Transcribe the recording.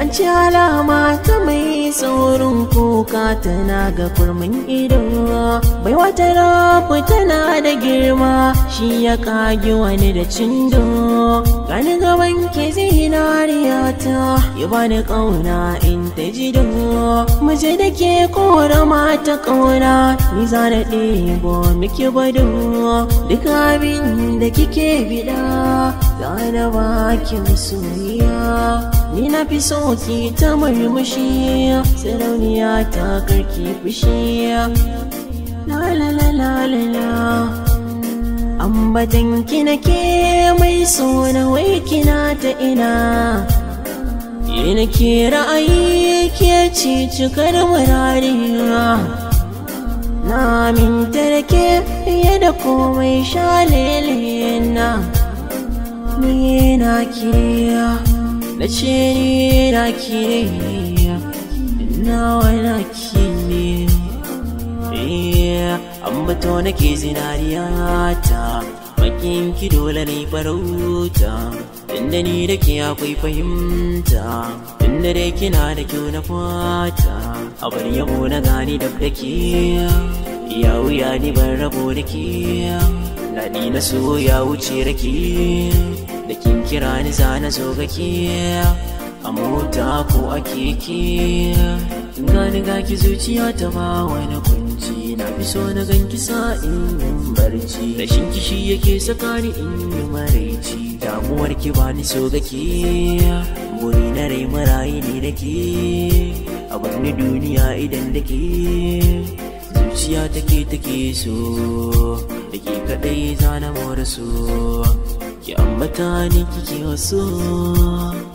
an ci alama ta mai tsoron kuka tana ga kurmin ido bai wata rafi tana da girma shi ya kagi wani da cindo gani gaban ke zinariya ta ya bani kauna in ta ji do mace da ke kora mata kauna ni za na ɗebo miki bado duk abin da kike bida za na bakin soyayya ni na fi so ki ta murmushi sarauniya ta karki fushi la la ambatan ki nake mai suna wai kina ta ina ni ke ra'ayi ke ci cikar murariya na minta da ke fiye da komai shalele na ni na kiriya na ce ni na ki ne nawa na ki ne eh, na ke zinariya ta makin ki dole ne farauta inda ni da ke akwai fahimta inda dai kina da kyau na fata a bar yabo na gani da ke ya wuya ni ban rabo da ke daɗi na so ya wuce rake da kin kira ni zana na zo a mota ko a keke kin gani gaki zuciya ta ba wani kunci na fi so na ganki sa in barci rashin kishi yake sakani in yi maraici damuwar ki ba ni so na rai marayi ne da ke a birni duniya idan da zuciya take take so da ke kaɗai zana more so ki ambata ne kike wasu